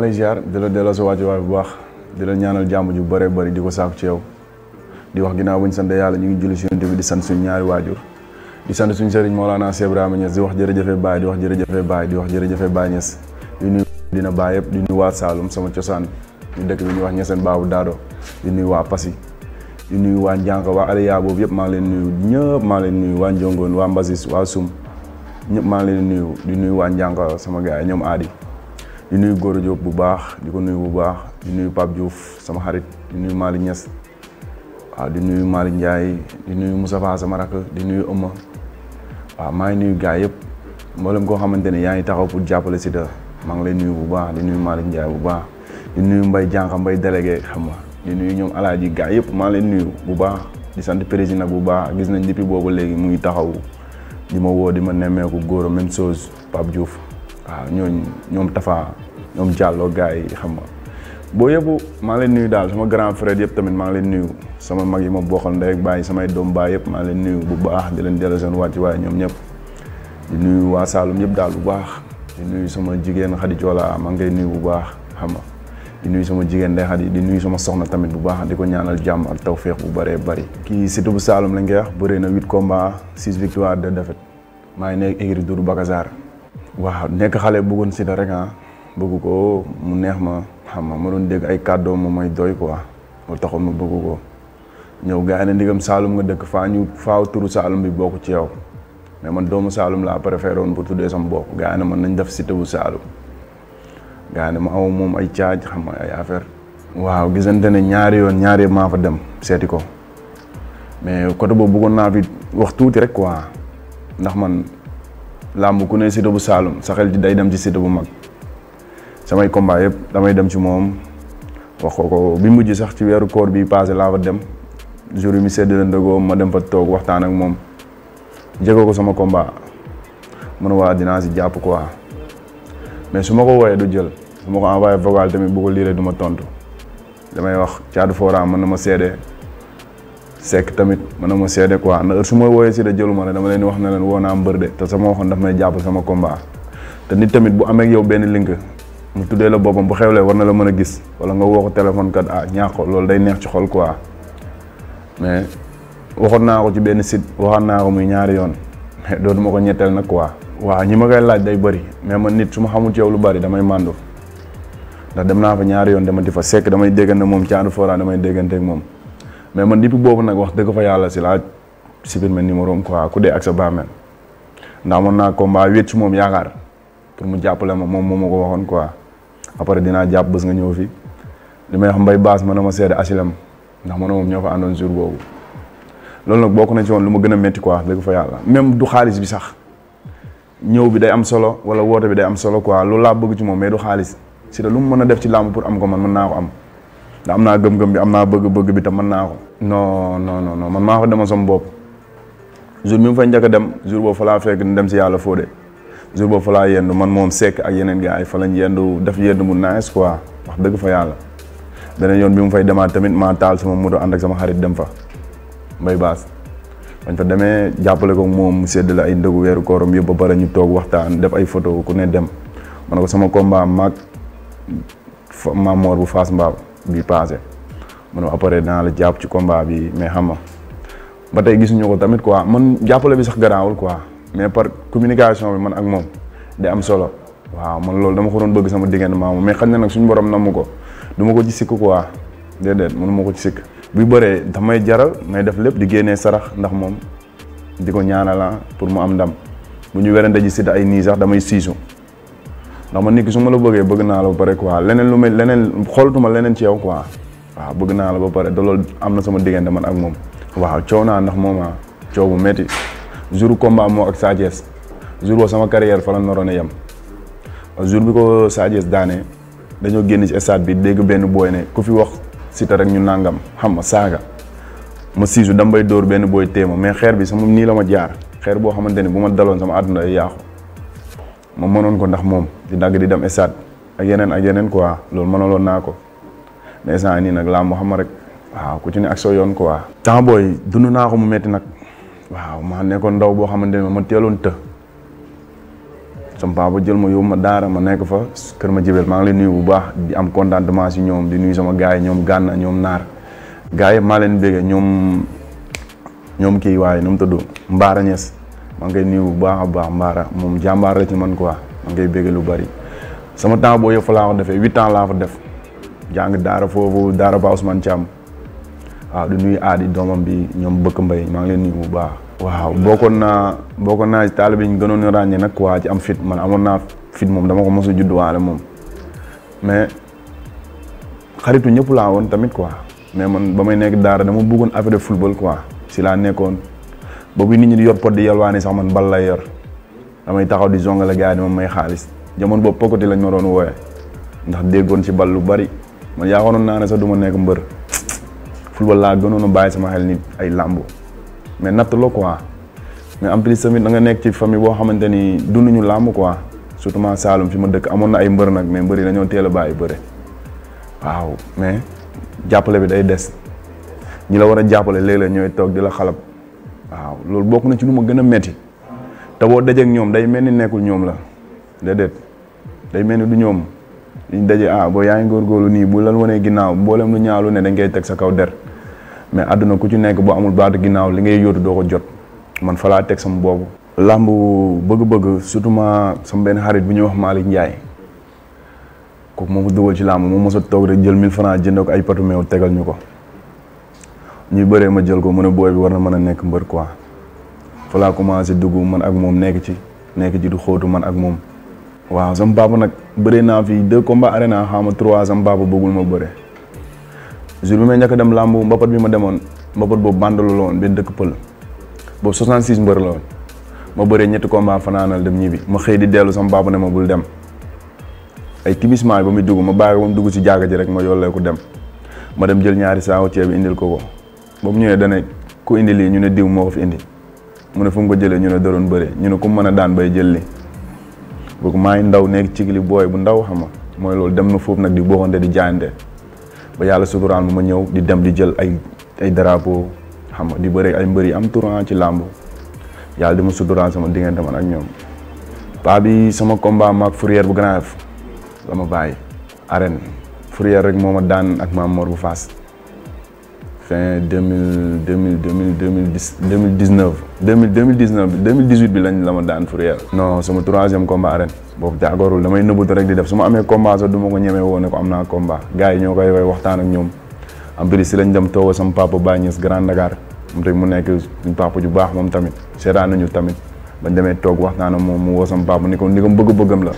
ngi lay ziar di la delloo sa waaj waay bu baax di la ñaanal jàmm ju bëree bari di ko saaku ci yow di wax ginnaaw bu ñu sant yàlla ñu ngi julli suñu bi di sant suñu ñaari waajur di sant suñu sëriñ Mawlana Cheikh Ibrahima Niass di wax jërëjëfe Baye di wax jërëjëfe Baye di wax jërëjëfe Baye Niass di nuyu dina Baye yëpp di nuyu waa Saloum sama cosaan ñu dëkk bi ñuy wax Niassène Babou Dado di nuyu waa Passy di nuyu waa Ndianka waa yaa boobu yëpp maa ngi leen nuyu ñëpp maa ngi leen nuyu waa Njongoon waa Mbasis waa Sum ñëpp maa ngi leen nuyu di nuyu waa Ndianka sama gars yi ñoom aadi di nuyu Gora Diop bu baax di ko nuyu bu baax di nuyu Pape Diouf sama xarit di nuyu Malick Niass waaw di nuyu Malick Ndiaye di nuyu Moussa Fass sama rakk di nuyu Ëmma waaw maa ngi nuyu gars yëpp mboolem koo xamante ne yaa ngi taxaw pour jàppale Siteu maa ngi lay nuyu bu baax di nuyu Malick Ndiaye bu baax di nuyu Mbaye Diakha Mbaye délégué xam nga di nuyu ñoom alaaji gars yëpp maa leen nuyu bu baax di sant président bu baax gis nañ depuis boobu léegi mu ngi taxaw di ma woo di ma nemmeeku góor même chose Pape juuf waaw ñooñ ñoom Tafa ñoom Diallo gars yi xam nga boo yëpp maa ngi leen nuyu daal sama grand frère yëpp tamit maa ngi leen nuyu sama mag yi ma bokkal ndey ak bàyyi samay doom baay yëpp maa ngi leen nuyu bu baax di leen delloo seen wàcc waaye ñoom ñëpp di nuyu waa Saloum yëpp daal bu baax di nuyu sama jigéen Khady Diola maa ngi koy bu baax xam nga di nuyu sama jigéen Ndeye Khady di nuyu sama soxna tamit bu baax di ko ñaanal jàmm ak tawféex bu bëree bëri. kii surtout bu saalum la ngay wax bëree na huit combats six victoires deux défaites maa ngi nekk écurie Doudou Bakassar waaw nekk xale bëggoon Siteu rek ah bëgg ko mu neex ma xam ma ma doon dégg ay kàddoo moom mooy doy quoi moo taxoon ma bëgg ko ñëw gars yi ne ndigam Saalum nga dëkk faa ñu faaw turu Saalum bi bokk ci yow mais man doomu Saalum laa préféré woon pour tuddee sama bopp gars yi ne man nañ def Siteu bu Saalum gars yi ne ma aw moom ay caaj xam nga ay affaire waaw gisante ne ñaari yoon ñaari maa fa dem seeti ko mais côté boobu bëggoon naa fi wax tuuti rek quoi ndax man. làmb ku ne Siteu bu Saalum sa xel day dem ci Siteu bu mag samay combat yëpp damay dem ci moom wax ko bi mujj sax ci weeru koor bi passé laa fa dem jour yi mu sedd la ndëgoo ma dem fa toog waxtaan ak moom jege ko sama combat mun waa dinaa si jàpp quoi mais su ma ko wooyee du jël su ma ko envoyé vocal tamit bu liiree du tontu damay wax caadu fooraa mën na ma seede sekk tamit man ma seede quoi na su ma wooyee si da jëluma la dama leen wax na leen woo naa mbër de te sama waxoon daf may jàpp sama combat te nit tamit bu amee yow benn link mu tuddee la boppam bu xewlee war na la mën a gis wala nga woo ko téléphone kat ah ñaax loolu day neex ci xol quoi mais waxoon naa ko ci benn sit waxoon naa ko muy ñaari yoon mais dootuma ko ñetteel nag quoi. waaw ñi ma koy laaj day bëri mais man nit su ma xamul ci yow lu bari damay màndu ndax dem naa fa ñaari yoon demati fa sekk damay déggante moom caadu foora damay dégganteeg moom. mais man depuis boobu nag wax dëgg fa yàlla si laa supprimer numéro am quoi ku dee ak sa bàmmeel ndax mën naa combat wéet ci moom yaakaar pour mu jàppale ma moom moo ma ko waxoon quoi après dinaa jàpp bës nga ñëw fi li may wax mbay baas mën na ma seede asilam ndax man moom ñoo fa àndoon jour boobu loolu nag bokk na ci woon lu ma gën a métti quoi dëgg fa yàlla même du xaalis sax ñëw bi day am solo wala woote bi day am solo quoi loolu laa bëgg ci moom mais du xaalis si lu mu mën a def ci làmb pour am ko man mën naa ko am ndax am naa gëm-gëm bi am naa bëgg-bëgg bi te naa ko. non non non man maa sama bopp jour bi mu fay dem jour boobu fa dem si yàlla fóode jour boobu fa laa yendu ak yeneen gars yi fa lañ yendu def yendu mu nice quoi wax dëgg fa yàlla. yoon bi mu fay demaat tamit maa taal sama moto ànd ak sama xarit dem fa mbay baas bañ fa demee jàppale ko moom sedd la ay ndëgu weeru kooram yëpp ba pare ñu toog waxtaan def ay photo ku ne dem ma ne ko sama kombaam maag fa bu Fass Mbaab. bi passé man après dinaa la jàpp ci combat bi mais xam nga ba tey gisuñu ko tamit quoi man jàppale bi sax garaawul quoi mais par communication bi man ak moom day am solo waaw man loolu dama ko doon bëgg sama diggante maamu mais xam na nag suñu borom namm ko du ma ko ci sikk quoi déedéet mënu ma ko ci sikk bu bëree damay jaral may def lépp di génnee sarax ndax moom di ko ñaanala ah pour mu am ndam bu ñu werante ji si ay nii sax damay siisu ndax ma nit ki su ma la bëggee bëgg naa la ba pare quoi leneen lu mel leneen xoolatuma leneen ci yow waaw bëgg naa la ba pare da loolu am na sama diggante man ak moom waaw coow naa ndax moom ah coow bu métti jour combat ak Sa Thiès sama carrière fa la naroon a yem jour bi ko Sa daane dañoo génn ci stade bi dégg benn booy ne ku fi wax Siteu rek ñu nangam xam ma saaga ma siisu dam bay dóor benn booy téema mais xeer bi sama nii la ma jaar xeer boo xamante ni bu ma daloon sama àdduna ay yaaxu ma mënoon ko ndax moom di dagg di dem stade ak yeneen ak yeneen quoi loolu mënaloon naa ko mais instant nii nag laa mu xam rek waaw ku ci ne ak soo yoon quoi. temps booy dund naa ko mu metti nag waaw ma nekkoon ndaw boo xamante ne ma teeloon të. sama papa jël ma yóbbu ma daara ma nekk fa kër ma jibel maa ngi leen nuyu bu baax di am contentement si ñoom di nuyu sama gars yi ñoom gànna ñoom naar gars yi maa leen béggee ñoom ñoom kii waaye nu mu tudd Mbaara maa ngi koy nuyu bu baax a baax Mbaara moom jàmbaar la ci man quoi maa ngi koy bégg lu bari. sama temps boo yëpp fa laa ko defee huit ans laa ko def jàng daara foofu daara ba Ousmane Thiam waaw du nuyu aadi doomam bi ñoom bëkk mbay maa ngi leen nuyu bu baax. waaw bokkoon naa bokkoon naa taalibe ñu gënoon a ràññee nag quoi am fit man amoon naa fit moom dama ko mos a judduwaale moom mais xaritu ñëpp laa woon tamit quoi mais man ba may nekk daara dama bëggoon affaire de football quoi si laa nekkoon. boobu nit ñi di yor pot di yalwaani sax man bal lay yor damay taxaw di jongale gars yi di may xaalis jamono boobu pokkati lañ ma doon wooye ndax déggoon ci bal lu bari man yaakaaroon naa ne sax du ma nekk mbër football laa gënoon a bàyyi sama xel nit ay làmbo mais natt la quoi mais en plus tamit da nga nekk ci famille boo xamante ni dunduñu làmb quoi surtout ma Saalum fi ma dëkk amoon na ay mbër nag mais mbër yi dañoo teel a bàyyi bëre waaw mais jàppale bi day des ñi la war a jàppale léeg-léeg ñooy toog di la xalab waaw loolu bokk na ci lu ma gën a metti te boo dajeek ñoom day mel ni nekkul ñoom la déedéet day mel ni du ñoom liñ daje ah boo yaa ngi nii bu lan wanee ginnaaw mboolem lu ñaalu ne dañ koy teg sa kaw der mais àdduna ku ci nekk boo amul baatu ginnaaw li ngay yóotu doo ko jot man fa laa teg sama boobu. làmb bëgg-bëgg surtout ma sama benn xarit bu ñuy wax Malick Ndiaye kooku moo ko dugal ci làmb moom mos toog rek jël 1000 francs jënd ko ay patu meew tegal ñu ko. ñuy bëree ma jël ko mën a booy bi war na mën a nekk mbër quoi fa laa commencé dugg man ak moom nekk ci nekk ci du xootu man ak moom waaw sama papa nag bëree naa fii deux combats arena xaama trois sama papa bëggul ma bëre jour bi may njëkk dem làmbu mbapat bi ma demoon mbapat boobu bàndalu la woon benn dëkk pël boobu 66 mbër la woon ma bëree ñetti combat fanaanal dem ñibbi ma xëy di dellu sama papa ne ma bul dem ay timisment yi ba muy dugg ma bàyyi ko dugg ci jaaga ji rek ma yollee ko dem ma dem jël ñaari saaku ceeb bi indil ko ko ba mu ñëwee dana ku indi lii ñu ne diw moo ko fi indi mun ne fu mu ko jëlee ñu ne doroon bëre ñu ne ku mën a daan bay jël li boobu maa ngi ndaw nekk ci li booy bu ndaw xam nga mooy loolu dem na foofu nag di booxante di jaayante ba yàlla suturaal ma ñëw di dem di jël ay ay drapeau xam nga di bëre ay mbër yi am tournant ci làmb yàlla di ma suturaal sama diggante man ak ñoom paa bi sama combat maag Fourrière bu Grand sama baay ma bàyyi arène rek moo ma daan ak maam Mor bu Fass fin deux mille deux mille deux mille deux mille dix deux mille dix neuf deux mille dix neuf deux mille dix huit bi lañ la ma daan fourrière. non sama troisième combat ren boobu jaagoorul damay nëbbatu rek di def su ma amee combat sax du ma ko ñemee woo ne ko am naa combat gars ñoo koy way ñoom en plus si lañ dem tooba sama papa Bagnès Grand Dakar moom tamit mu nekk suñ papa baax moom tamit seetaan nañu tamit bañ demee toog waxtaan ak moom mu woo sama papa ni ko ni ko bëgg-bëggam la.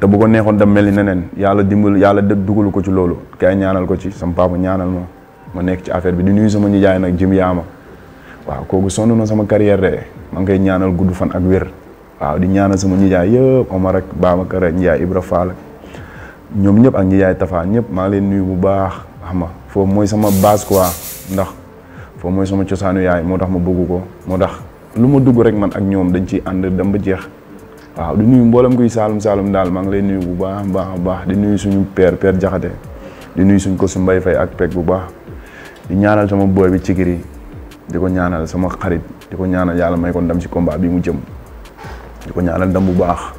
te neexoon dem mel ni neneen yàlla dimbal yàlla dugalu ko ci loolu kay ñaanal ko ci sama papa ñaanal ma. ma nekk ci affaire bi di nuyu sama nijaay nag jim yaama waaw kooku sonn na sama carrière de ma ngi koy ñaanal gudd fan ak wér waaw di ñaanal sama nijaay yëpp Omar ak baa ak nijaay Ibra Fall ñoom ñëpp ak nijaay Tafa ñëpp maa leen nuyu bu baax xam nga foofu mooy sama base quoi ndax foofu mooy sama cosaanu yaay moo tax ma bëgg ko moo tax lu ma dugg rek man ak ñoom dañ ciy ànd dem ba jeex waaw di nuyu mboolem kuy saalum saalum daal maa ngi lay nuyu bu baax baax baax di nuyu suñu père père Jaxate di nuyu suñ ko su mbay fay ak pek bu baax di ñaanal sama boy bi Cikiri di ko ñaanal sama xarit di ko ñaanal yàlla may kon dem ci combat bi mu jëm di ko ñaanal ndam bu baax.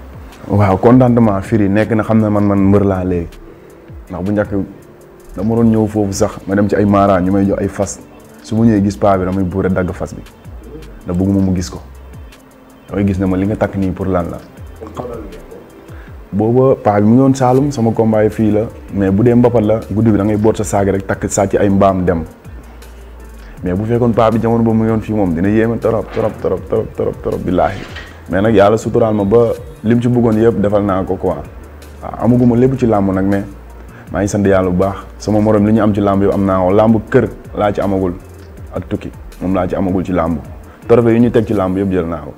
waaw contentement firi nekk na xam ne man man mbër laa léegi ndax bu njëkk dama doon ñëw foofu sax ma dem ci ay maara ñu may jox ay fas su ma ñëwee gis paa bi damay buure dagg fas bi da bëgguma mu gis ko damay gis ne ma li nga takk nii pour lan la. booba paa bi mu ngi woon Saalum sama combat fii la mais bu dee mbapat la guddi bi da ngay boot sa saag rek takk sàcc ay mbaam dem mais bu fekkoon paa bi jamono ba mu ngi woon fii moom dina yéeme torop torop torop torop torop torop billaahi mais nag yàlla suturaal ma ba lim ci bëggoon yëpp defal naa ko quoi waaw amaguma lépp ci làmb nag mais maa ngi sant yàlla bu baax sama morom li ñu am ci làmb yëpp am naa ko làmb kër laa ci amagul ak tukki moom laa ci amagul ci làmb trophée yu ñu teg ci làmb yëpp jël naa ko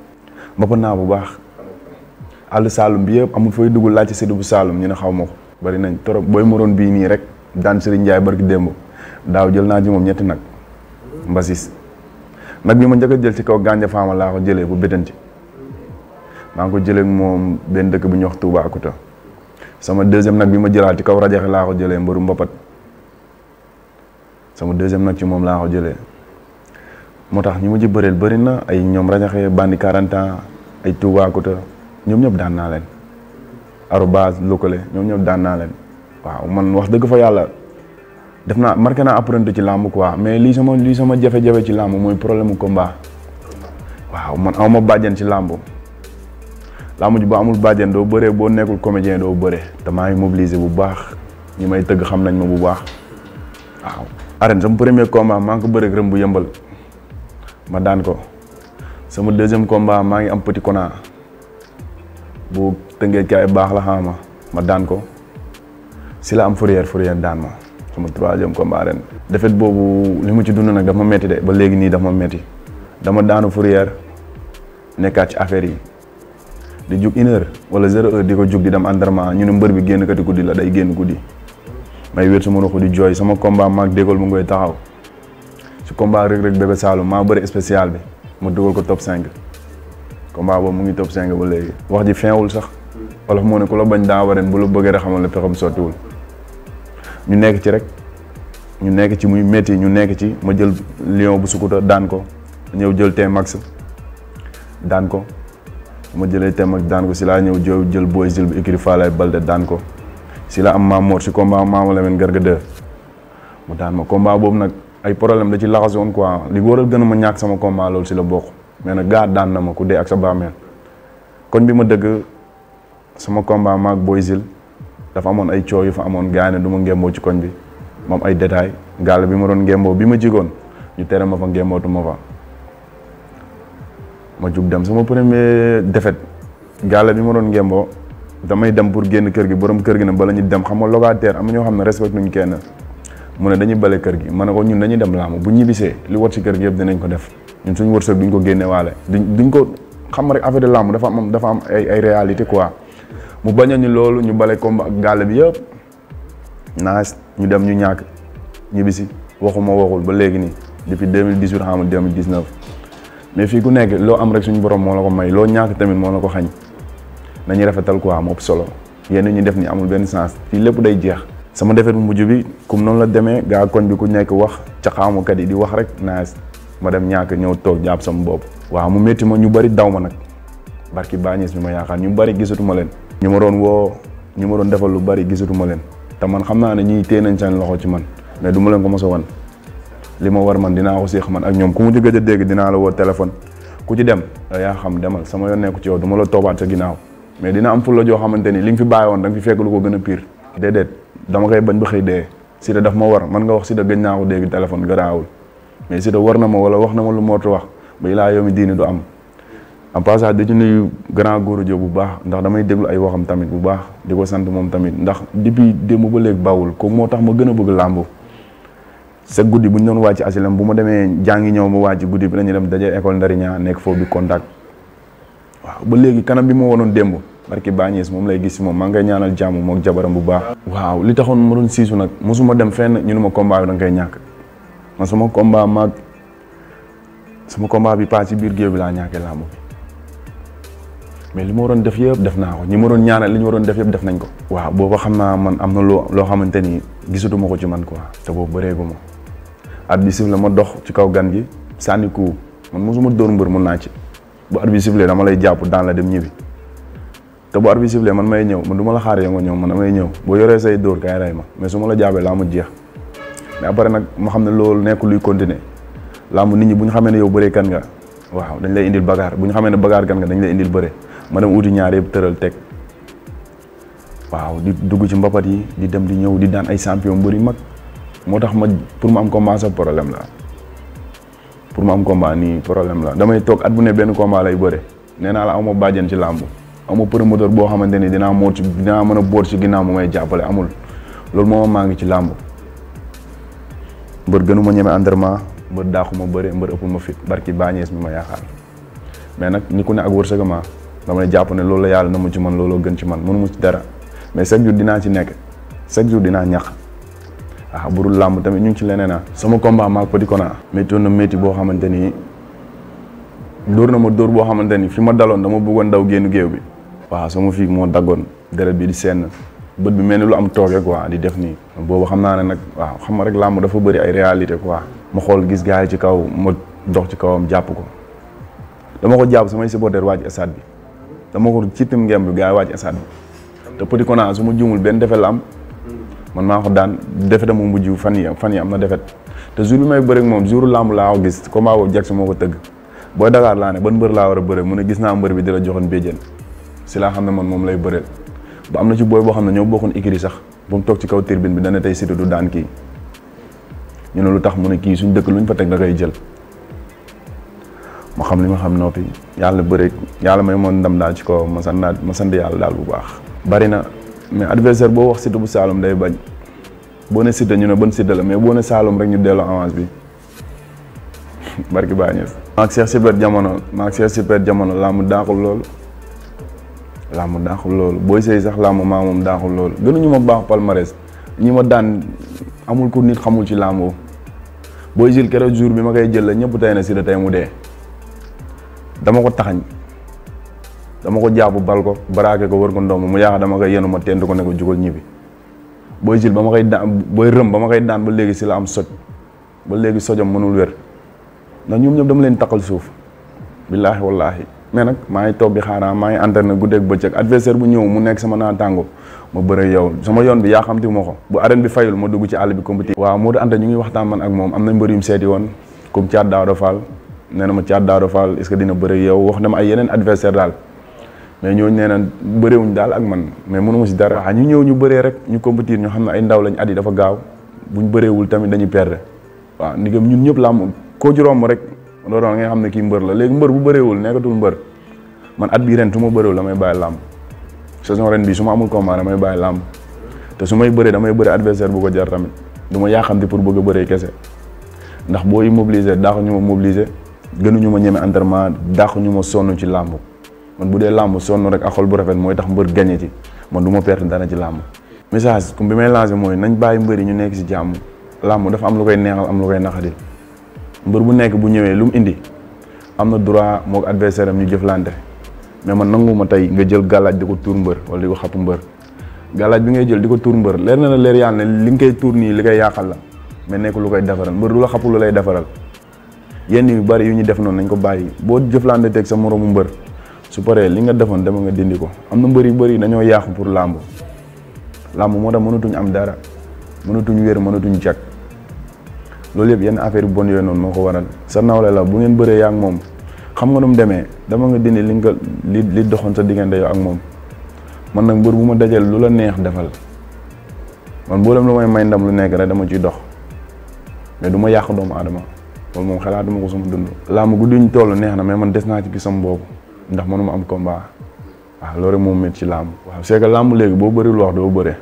mbapat naa bu baax. àll Saalum bi yëpp amul fooy dugg laajte Sédhiou bu Saalum ñu ne xaw ma bari nañ trop booy moroon bii nii rek daan Serigne Ndiaye barki démb daaw jël naa ci moom ñetti nag mbasis nag bi ma njëkk a jël ci kaw gànja faama laa jëlee bu bétanti maa ngi ko jëlee moom benn dëkk bu ñuy wax Toubacouta sama deuxième nag bi ma jëlaat ci kaw rajaxe laa ko jëlee mbaru mbapat sama deuxième nag ci moom laa ko jëlee moo tax ñu ma ci bëreel bëri na ay ñoom rajaxe bandi 40 ay Toubacouta ñoom ñëpp daan naa leen arobase locale ñoom ñëpp daan naa leen waaw man wax dëgg fa yàlla def naa marqué naa apprenti ci làmb quoi mais lii sama lii sama jafe ci làmb mooy problème mu combat waaw man awma bàjjen ci làmb làmb ji ba amul bàjjen doo bëree boo nekkul comédien doo bëree te maa ngi mobiliser bu baax ñu may tëgg xam nañ ma bu baax waaw arène sama premier combat maa ngi ko bëreeg rëm bu yëmbal daan ko sama deuxième combat maa ngi am petit kona bu tëngee kaay baax la xama ma daan ko si la am fourrière fourrière daan ma sama troisième combat ren. defet boobu li mu ci dund nag dafa ma metti de ba léegi nii dafa ma metti dama daanu fourrière nekkaat ci affaire yi di jug une heure wala zéro heure di ko jug di dem entraînement ñu ne mbër bi génn kati guddi la day génn guddi may wér sama ruq di jooy sama combat maag déggoo mu ngoy taxaw si combat Reug Reug Bébé Saloum maa bëri spécial bi ma dugal ko top 5. combat boobu mu ngi top 5 ba léegi wax ji finwul sax wala moo ne ku la bañ daa wareen bu la bëggee rek xamal ne pexam sottiwul ñu nekk ci rek ñu nekk ci muy métti ñu nekk ci ma jël lion bu sukuta daan ko ñëw jël temax max daan ko ma jëlee t si laa ñëw jëw jël Boy Jules bu écurie Falaye daan ko si la am Mamor si combat Mama Lamine Garga 2 mu daan ma combat boobu nag ay problème da ci laxasoon quoi li waral gën a ma ñàkk sama combat loolu si la bokk nee na gaa daan na ma ku dee ak sa bàmmeel kon bi ma dëgg sama combat maag Boy Zil dafa amoon ay coow yu fa amoon gaa ne du ma ngémboo ci koñ bi moom ay détail gaal bi ma doon ngémboo bi ma jigoon ñu tere ma fa ngémbootu ma fa ma jug dem sama premier défaite gaal bi ma doon ngémboo damay dem pour génn kër gi borom kër gi na bala ñu dem xam nga locataire am na ñoo xam ne respecté nuñ kenn mu ne dañuy bale kër gi ma ne ko ñun dañuy dem laamu bu ñibbisee li wat ci kër gi yëpp dinañ ko def ñun suñu wërsëg duñ ko génne waale duñ duñ ko xam rek affaire de làmb dafa am dafa am ay réalité quoi mu bañ a ñu loolu ñu bale combat ak gàll bi yëpp naas ñu dem ñu ñàkk ñibbisi waxuma waxul ba léegi nii depuis 2018 xam nga 2019 mais fii ku nekk loo am rek suñu borom moo la ko may loo ñàkk tamit moo la ko xañ nañu rafetal quoi moo ëpp solo yenn ñu def ni amul benn sens fii lépp day jeex. sama defet mu mujj bi comme noonu la demee gaa koñ bi ku nekk wax ca xaamukat yi di wax rek naas. ma dem ñàkk ñëw toog jàpp sama bopp waaw mu métti ma ñu bari daw ma nag barki bàññees bi ma yaakaar ñu bëri gisatuma leen ñu ma doon woo ñu ma doon defal lu bëri gisatuma leen te man xam naa ne ñii téye nañ seen loxo ci man mais du ma leen ko mos a wan li ma war man dinaa ko séex man ak ñoom ku mu ci gëj a dégg dinaa la woo téléphone ku ci dem yaa xam demal sama yoon nekku ci yow du ma la toobaat sa ginnaaw mais dina am fulla joo xamante ni li ng fi bàyyi woon da nga fi fekk lu ko a pire déedéet dama koy bañ xëy dee si da daf ma war man nga wax si da gëj naa ko dégg téléphone garaawul mais Siteu war na ma wala wax na ma lu mu war wax ba ilaa yomi diini du am en passant di ci nuyu grand góor bu baax ndax damay déglu ay waxam tamit bu baax di ko sant moom tamit ndax depuis démb ba léegi bawul ko moo tax ma gën a bëgg làmb sa guddi bu ñu doon wàcc asilem bu ma demee jàngi ñëw ma wàcc guddi bi la ñu dem daje école Ndariña nekk foofu bi contact waaw ba léegi kanam bi ma wanoon démb barki Bañees moom lay gis si moom ñaanal jàmm mook jabaram bu baax. waaw li taxoon ma doon siisu nag mosuma dem fenn ñu ne ma combat bi da nga koy ñàkk. man suma combat maag sama combat bi pas ci biir géew bi laa ñàkkee laa bi mais li ma waroon def yëpp def naa ko ñi ma li ñu waroon def yëpp def nañ ko. waaw booba xam naa man am na loo loo xamante ni gisatuma ko ci man quoi te boobu bëreegu ma at bi sifle ma dox ci kaw gan gi sànni ko man mosuma dóor mbër mun naa ci bu at bi sifle dama lay jàpp daan la dem ñibbi te bu at bi sifle man may ñëw man du ma la xaar yow nga ñëw man damay ñëw boo yoree say dóor kaay rey ma mais su ma la jaabee laa ma jeex. mais après nag ma xam ne loolu nekk luy continuer làmb nit ñi bu ñu xamee ne yow bëree kan nga waaw dañ lay indil bagaar bu ñu xamee ne bagaar kan nga dañ lay indil bare ma dem uti ñaar yëpp tëral teg waaw di dugg ci mbapat yi di dem di ñëw di daan ay champion mbëri mag moo tax ma pour ma am combat sa problème la pour ma am combat nii problème la damay toog at bu ne benn combat lay bëre nee naa la aw ma bàjjen ci làmb aw ma promoteur boo xamante ni dinaa moo ci dinaa mën a boot ci ginnaaw mu may jàppale amul loolu moo maa ngi ci làmb mbër gënu ma ñeme entraînement mbër daaxu ma bëre mbër ëpp ma fit barki bàññees mi ma yaakaar mais nag ni ku ne ak wërsëgama dama ne jàpp ne loolu la yàlla na mu ci man looloo gën ci man mënu mu ci dara mais chaque jour dinaa ci nekk chaque jour dinaa ñax ah burul làmb tamit ñu ci leneen ah. sama combat maak Petit Kona méttoon na métti boo xamante ni dóor na ma dóor boo xamante ni fi ma daloon dama buggoon daw génn géew bi waaw sama fii moo daggoon deret bi di senn bët bi mel ni lu am tooke quoi di def nii boobu xam naa ne nag waaw xam nga rek làmb dafa bëri ay réalité quoi ma xool gis gars yi ci kaw ma dox ci kawam jàpp ko dama ko jàpp samay supporter waaj bi dama ko ciitam ngem bi gars yi waaj stade bi te Petit Kona su ma juumul benn defet la am man maa ko daan defet mu mujj fan yi fan yi am na defet te jour bi may bëri ak moom jour làmb laa ko gis combat boobu Jackson moo ko tëgg booy Dakar laa ne ban mbër laa war a bëri mu ne gis naa mbër bi di la joxoon béjjén si laa xam ne man moom lay bëreel ba am na ci booy boo xam ne ñoo bokkoon écurie sax ba mu toog ci kaw tribune bi dana tey Siteu du daan kii ñu ne lu tax mu ne kii suñ dëkk luñ fa teg da kay jël ma xam li ma xam noppi yàlla bëre yàlla may moon ndam daal ci kaw ma sant ma sant yàlla daal bu baax. bari na mais adversaire boo wax Siteu bu Saalum day bañ boo ne Siteu ñu ne ban Siteu la mais boo ne Saalum rek ñu delloo avance bi barki baa ñëw. maak Cheikh Super jamono maak Cheikh Super jamono laa mu daaxul loolu. làmb daaxul loolu booy sëy sax làmb maa moom daaxul loolu gënuñu ma baax palmarès ñi ma daan amul ko nit xamul ci làmb booy jil keroog jour bi ma koy jël la ñëpp tey na si da tey mu dee dama ko taxañ dama ko jàpp bal ko baraake ko wër ko ndomb mu yaakaar dama koy yenu ma tent ko ne ko jugal ñibbi booy jil ba ma koy daan booy rëm ba ma koy daan ba léegi si la am soj ba léegi sojam mënul wér ndax ñoom ñëpp dama leen taqal suuf billaahi wallaahi mais nag maa ngi toog di xaaraa ah, maa ngi entraîné guddeeg bëccëg adversaire bu ñëw mu nekk sama naataango ma bëre yow sama yoon bi yaa xam te ma ko bu arène bi fayul ma dugg ci àll bi compétition waaw moo di anta ñu ngi waxtaan man ak moom am na mbër yu mu seeti woon comme Thiat Daouda Fall nee na ma Thiat Daouda Fall est-ce que dina bëre yow wax daal ak man mais mënuma si dara waaw ah, ñu ñëw ñu bëree rek ñu compétir ñu xam ne ay ndaw lañ at yi dafa gaaw buñ bëreewul tamit dañuy perdre waaw ndigam ñun ñëpp làmb koo juróom rek loolu da nga xam ne kii mbër la léegi mbër bu bëreewul nekkatul mbër man at bii ren su ma bëreewul damay bàyyi làmb saison ren bii su ma amul combat damay bàyyi làmb te su may bëree damay bëri adversaire bu ko jar tamit du ma yaaxamti pour bëgg a bëree kese ndax boo immobilisé daaxu ñu ma mobilisé gënuñu ma ñeme entraînement daaxu ñu ma sonn ci làmb man bu dee làmb sonn rek ak xol bu rafet mooy tax mbër gañe ci man du ma perte dara ci làmb message comme bi may lancé mooy nañ bàyyi mbër yi ñu nekk si jàmm làmb dafa am lu koy neexal am lu koy naqadi mbër bu nekk bu ñëwee lu mu indi am na droit moog adversaire am ñu jëflante mais man nanguma tey nga jël gàllaaj di ko tuur mbër wala di ko xapp mbër gàllaaj bi ngay jël di ko tuur mbër leer na la leer yàlla ne li nga koy tuur nii li koy yàqal la mais nekk lu koy defaral mbër du la xapp lu lay defaral yenn yu bari yu ñu def noonu nañ ko bàyyi boo jëflante teg sa moroomu mbër su paree li nga defoon dama nga dindi ko am na mbëri yu bëri dañoo yàqu pour làmb làmb moo tax mënatuñ am dara mënatuñ wér mënatuñ jag loolu yëpp yenn affaire yu bon yooyu noonu moo ko waral sa nawle la bu ngeen bëree yaa ak moom xam nga nu demee dama nga dindi li nga li li doxoon sa diggante yow ak moom man nag mbër bu ma dajal lu la neex defal man mboolem lu may may ndam lu nekk rek dama ciy dox mais du ma yàq doomu aadama loolu moom ma ko sama dund. làmb guddi ñu toll neex na mais man des naa ci gisam boobu ndax mënuma am komba waaw loolu rek moom métti ci làmb. waaw c'est que làmb léegi boo bëri lu wax doo bëre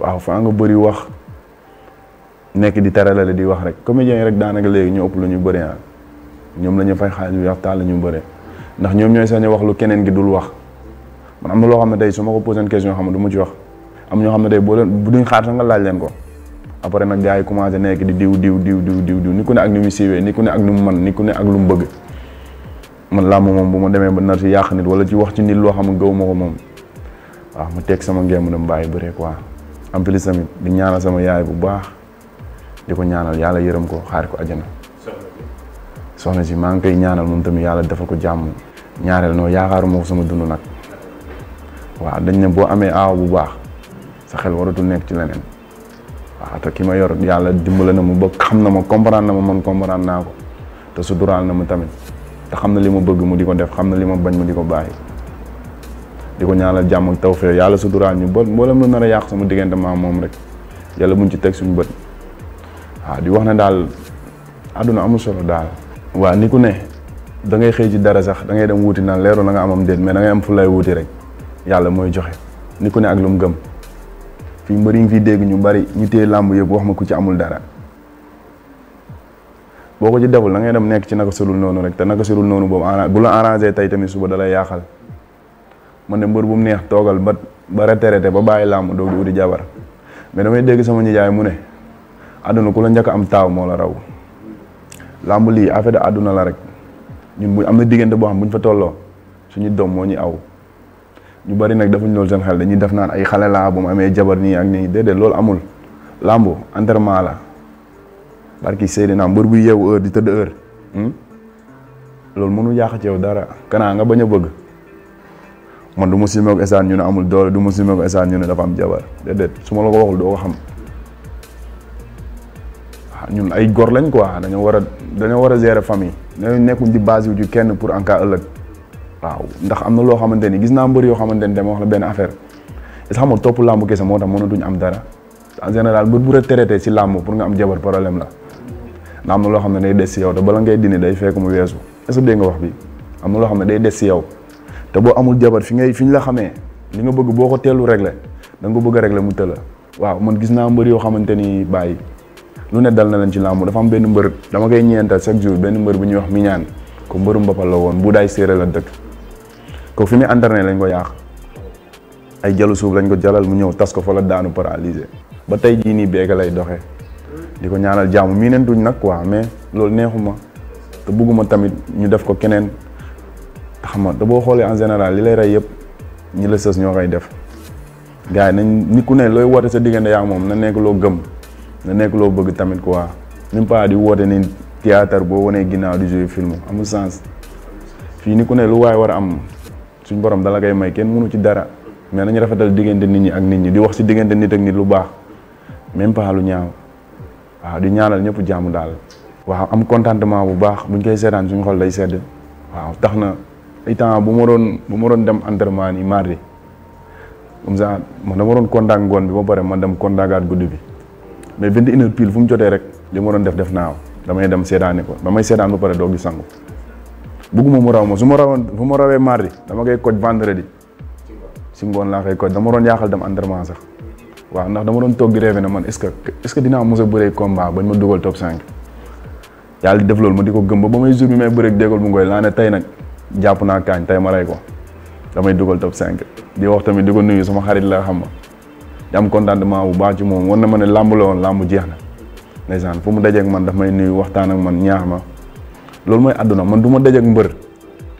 waaw faa nga nekk di terale di wax rek comédiens yi rek daanaka léegi ñu ëpp lu ñu bëri ah ñoom la ñu fay xaalis bi waxtaan la ñu bëri ndax ñoom ñooy sañ wax lu keneen gi dul wax man am na loo xam ne tey su ma ko posé une question xam ne du ma ci wax am ñoo xam ne tey boo bu duñ xaar nga laaj leen ko après nag gars yi nekk di diw diw diw diw diw diw ni ku ne ak ni mu siiwee ni ku ne ak ni mu man ni ku ne ak lu mu bëgg man làmb moom bu ma demee ba nar si yàq nit wala ci wax ci nit loo xam ne gaw ma ko moom waaw ma teg sama ngéem dem bàyyi bëree quoi en plus tamit di ñaanal sama yaay bu baax di ko ñaanal yàlla yërëm ko xaar ko àjjana soxna si maa ngi koy ñaanal moom tamit yàlla defal ko jàmm ñaareel noo yaakaaruma ko sama dund nag waaw dañ ne boo amee aaw bu baax sa xel waratul nekk ci leneen waaw te ki ma yor yàlla dimbale na mu ba xam na ma comprendre na ma man comprendre naa ko te suturaal na ma tamit te xam na li ma bëgg mu di ko def xam na li ma bañ mu di ko bàyyi di ko ñaanal jàmm ak tawfeex yàlla suturaal ñu ba mboolem lu nar a yàq sama diggante maa moom rek yàlla buñ ci teg suñu bët waaw di wax ne daal àdduna amul solo daal. waaw ni ku ne da ngay xëy ci dara sax da ngay dem wuuti naan leeroon nanga nga amam mais da am fu lay wuuti rek yàlla mooy joxe ni ku ne ak lu mu gëm fii mbëri ñu fi dégg ñu bari ñu téye làmb yëpp wax ma ku ci amul dara boo ko ci deful da ngay dem nekk ci naka sudul noonu rek te naka sudul noonu boobu bu la arrangé tey tamit suba dalay lay yaaxal man ne mbër bu mu neex toogal ba ba retraité ba bàyyi làmb doog di uti jabar mais damay dégg sama nijaay mu ne. àdduna ku la njëkk am taaw moo la raw làmb lii affaire àdduna la rek ñun bu am diggante boo xam bu ñu fa tolloo suñu doom moo ñu aw ñu bari nag defuñ loolu seen xel dañuy def naan ay xale laa bu mu amee jabar nii ak nii déedéet loolu amul làmb entraînement la barki Seydina mbër bu yeewu heure di tëdd heure hmm? loolu mënul yàq ci yow dara kanaa nga bañ a bëgg man du ma simee ko esaan ñu ne amul doole du ma simee ko esaan ñu ne dafa am jabar déedéet su ma la ko waxul Ah, ñun ay gor lañ quoi dañoo war a dañoo war a gérer famille dañoo nekkuñ di base yu ci kenn pour en cas ëllëg waaw ndax am na loo xamante ni gis naa mbër yoo xamante ni dama wax la benn affaire est-ce que xam nga topp làmb kese moo tax mënatuñ am dara en général mbër bu retraité si làmb pour nga am jabar problème la ndax am na loo xam ne day des si yow te bala ngay dindi day fekk mu weesu est-ce nga wax bi am na loo xam ne day des si yow te boo amul jabar fi ngay fi ñu la xamee li nga bëgg boo ko teelu réglé da nga ko bëgg a réglé mu tëla waaw man gis naa mbër yoo xamante ni bàyyi lu ne dal na leen ci làmb dafa am benn mbër dama koy ñeenta chaque jour benn mbër bu ñuy wax miñaan ko mbëru mbappal la woon bu daay séeréer la dëkk ko fi mu entraîné lañ ko yàq ay jalu suuf lañ ko jalal mu ñëw tas ko fa la daanu paralysé ba tey jii nii beega lay doxe di ko ñaanal jàmm mii neen duñ nag quoi mais loolu neexuma te bugguma tamit ñu def ko keneen xam nga te boo xoolee en général li lay rey yëpp ñi la sës ñoo koy def gars yi nañ ni ne looy woote sa diggante yaa moom na nekk gëm na nekk loo bëgg tamit quoi même pas di woote ni théâtre boo wanee ginnaaw di jouer film amul sens fii ni ku ne lu waaye war a am suñ borom dala koy may kenn mënu ci dara mais nañu rafetal diggante nit ñi ak nit ñi di wax si diggante nit ak nit lu baax même pas lu ñaaw waaw di ñaanal ñëpp jaamu daal. waaw am contentement bu baax buñ koy seetaan suñ xol day sedd waaw tax na ay bu ma doon bu ma doon dem entraînement yi ma comme ça man dama doon kontaan ngoon bi boo pare man dem kontaagaat guddi bi. mais vingt et une heures pile mu jotee rek li ma doon def def naaw damay dem seetaani ko damay seetaan ba pare doog di sangu bugguma mu raw ma su ma rawoon fu ma rawee mardi dama koy koj vendredi si ngoon laa koy koj dama doon yaaxal dem entraînement sax waaw ndax dama doon toog di na man est-ce que est-ce que dinaa mos a bëree combat bañ ma dugal top 5 yàlla def loolu ma di ko gëm ba ba may jour bi may bëreeg déggul bu ngoy laa ne tey nag jàpp naa kaañ tey ma rey ko damay dugal top 5 di wax tamit di ko nuyu sama xarit la xam ma di am contentement bu baax ci moom war na ma ne làmb woon làmb jeex na ndeysaan fu mu dajeek man daf may nuyu waxtaan ak man ñaax ma loolu mooy àdduna man du ma dajeeg mbër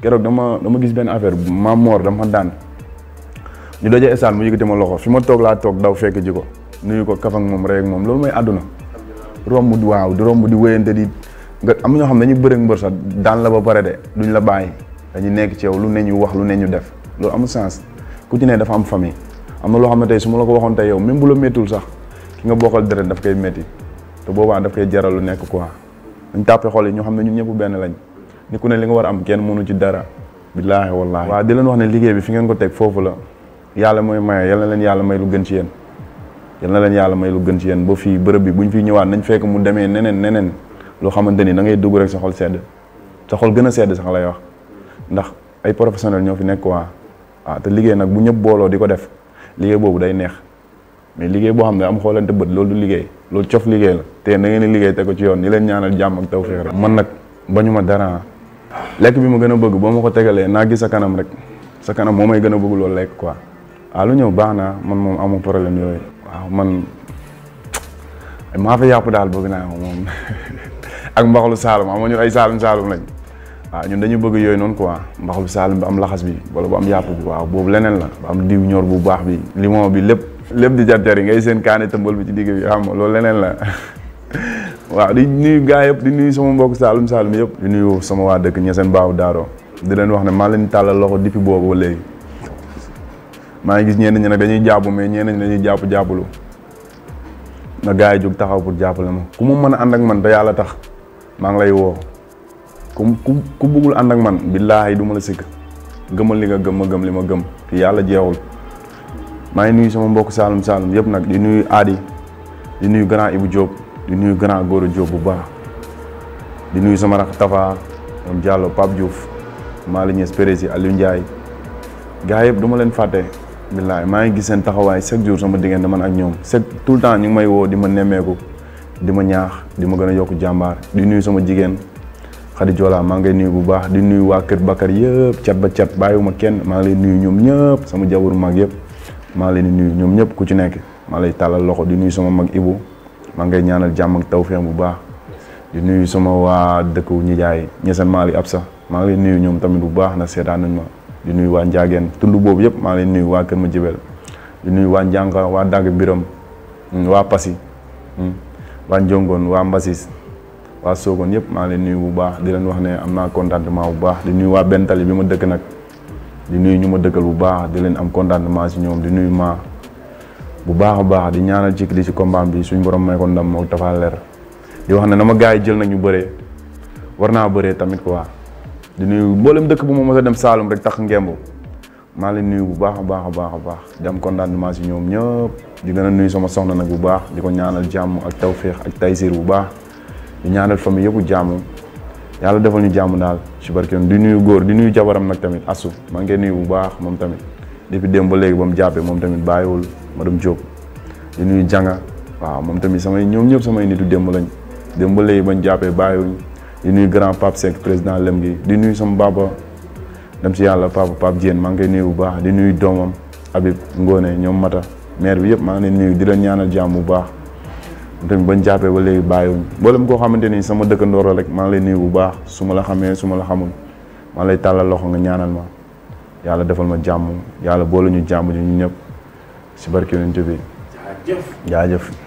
keroog dama dama gis benn affaire maam Mor dama daan ñu daje esaan mu yëkkati ma loxo fi ma toog laa toog daw fekk ji ko nuyu ko kaf moom rey ak moom loolu mooy àdduna romb waaw di romb di wéyante di nga am ñoo xam dañuy bëre ak mbër sax daan la ba pare de duñ la bàyyi dañu nekk ci yow lu ne ñu wax lu ne ñu def loolu amul sens ku ci ne dafa am famille. am na loo xam ne tey su ma la ko waxoon tey yow même bu la méttul sax ki nga bokkal deret daf koy métti te boobaa daf koy jaral lu nekk quoi dañ tàppe xol yi ñoo xam ne ñun ñëpp benn lañ ni ku ne li war am kenn mënu ci dara billaahi wallaahi waaw di leen wax ne liggéey bi fi ngeen ko teg foofu la yàlla mooy maye yal na leen yàlla may lu gën ci yéen yal na leen yàlla may gën ci yéen ba fii bërëb bi buñ fi ñëwaat nañ fekk mu demee neneen neneen loo xamante ni da dugg rek sa xol sedd sa xol gën a sedd sax lay wax ndax ay professionnel ñoo fi nekk ko waaw te liggéey nag bu ñëpp booloo di ko def liggéey boobu day neex mais liggéey boo xam ne am xoolante bët loolu du liggéey loolu cof liggéey la te na ngeen liggéey te ci yoon ni leen ñaanal jàmm ak tawfeex rek man nag bañu ma dara lekk bi ma gën a bëgg boo ma ko tegalee naa gis sa kanam rek sa kanam moo may gën a bëgg loolu lekk ko waaw ah, ñëw baax naa man moom amu problème yooyu waaw man maa fa yàpp daal bëgg naa moom ak mbaxalu saalum amoo ñu ay saalum saalum lañ waa ah, ñun dañuy bëgg yooyu noonu quoi mbax bu saalum bi am laxas bi wala bu am yàpp bi waa boobu leneen la bu am diw ñor bu baax bi limon bi lépp lépp di jar-jar yi ngay seen kaane tëmbal bi ci digg yi xam nga loolu leneen la waaw di nuyu gars yëpp di nuyu sama mbokk saalum saalum yëpp di nuyu sama waa dëkk ñeseen baaw daaro di leen wax ne maa leen tàllal loxo depuis boobu ba léegi maa ngi gis ñenn ñi nag dañuy jàpp mais ñenn ñi dañuy jàpp jàppalu na gars yi jóg taxaw pour jàppale ma ku mu mën a ànd ak man te yàlla tax maa ngi lay woo ku ku ku bëggul ànd ak man billaahi du ma la sikk gëmal li nga gëm ma gëm li ma gëm te yàlla jeexul maa ngi nuyu sama mbokk Saalum Saalum yëpp nag di nuyu Adi di nuyu grand Ibou Diop di nuyu grand Goro Diop bu baax di nuyu sama rax Tafa ñoom Diallo Pape Diouf Malick Niass Pérési Aliou Ndiaye gars yëpp du ma leen fàtte billaahi maa ngi gis seen taxawaay chaque jour sama diggante man ak ñoom chaque tout le temps ñu ngi may woo di ma nemmeeku di ma ñaax di ma gën a yokk jàmbaar di nuyu sama jigéen. Khady Joola maa ngay nuyu bu baax di nuyu waa kër Bakar yëpp cat ba cat bàyyiwuma kenn maa ngi lay nuyu ñoom ñëpp sama jabaru mag yëpp maa ngi leen nuyu ñoom ñëpp ku ci nekk maa lay tàllal loxo di nuyu sama mag Ibu maa ngay ñaanal jàmm ak tawfeex bu baax di nuyu sama waa dëkk Ndiaye ñesan maa li ab sax maa ngi lay nuyu ñoom tamit bu baax na seetaan nañ ma di nuyu waa Njaageen tund boobu yëpp maa ngi lay nuyu waa Kër ma jibel di nuyu waa Njànka waa Dagg Biram waa Passy hmm, waa waa Sokone yëpp maa leen nuyu bu baax di leen wax ne am naa contentement bu baax di nuyu waa benn tali bi ma dëkk nag di nuyu ñu ma dëkkal bu baax di leen am contentement si ñoom di nuyu ma bu baax a baax di ñaanal ci li ci combat bi suñ borom may ko ndam moo dafa leer di wax ne na ma gars yi jël nag ñu bëree war naa bëree tamit waa di nuyu mboolem dëkk bu ma mos a dem Saalum rek tax ngemb maa leen nuyu bu baax a baax a baax a baax di am contentement si ñoom ñëpp di gën a nuyu sama soxna nag bu baax di ko ñaanal jàmm ak tawféex ak taysiir bu baax. di ñaanal famille yëpp jàmm yàlla defal ñu jàmm daal ci barkeem di nuyu góor di nuyu jabaram nag tamit asu maa ngi koy nuyu bu baax moom tamit depuis démb ba léegi ba mu jàppee moom tamit bàyyiwul madame Diop di nuyu janga waaw moom tamit samay ñoom ñëpp samay nitu démb lañ démb ba jàppee bàyyiwuñ di nuyu grand pape Seck président lem gi di nuyu sama baaba dem si yàlla papa pape Diène maa ngi koy nuyu bu baax di nuyu doomam Habib Ngone ñoom Mata maire bi yëpp maa ngi leen nuyu di leen ñaanal jàmm bu baax tamit bañ jàppee ba léegi bàyyiwuñ mboolem koo xamante ni sama dëkkandoor la rek maa ngi lay nuyu bu baax su ma la xamee su ma la xamul maa lay tàllal loxo nga ñaanal ma yàlla defal ma jàmm yàlla boole ñu jàmm ñu ñëpp si barke yonent bi jaajëf jaajëf